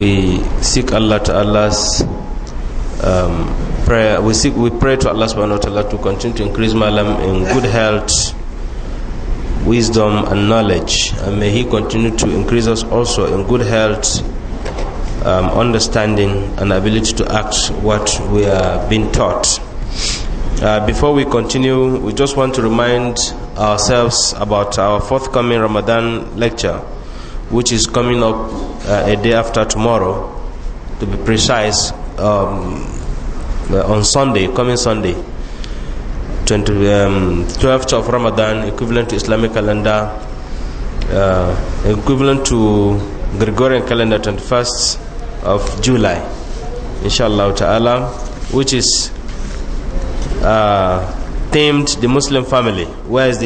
we seek Allah to Allah's um, prayer. We seek, we pray to Allah subhanahu wa ta'ala to continue to increase Malam in good health, wisdom, and knowledge. And may He continue to increase us also in good health, um, understanding, and ability to act what we are being taught. Uh, before we continue, we just want to remind ourselves about our forthcoming Ramadan lecture which is coming up uh, a day after tomorrow, to be precise, um, uh, on Sunday, coming Sunday, 20, um, 12th of Ramadan, equivalent to Islamic calendar, uh, equivalent to Gregorian calendar, 21st of July, inshallah ta'ala, which is uh, themed the Muslim family. Where is the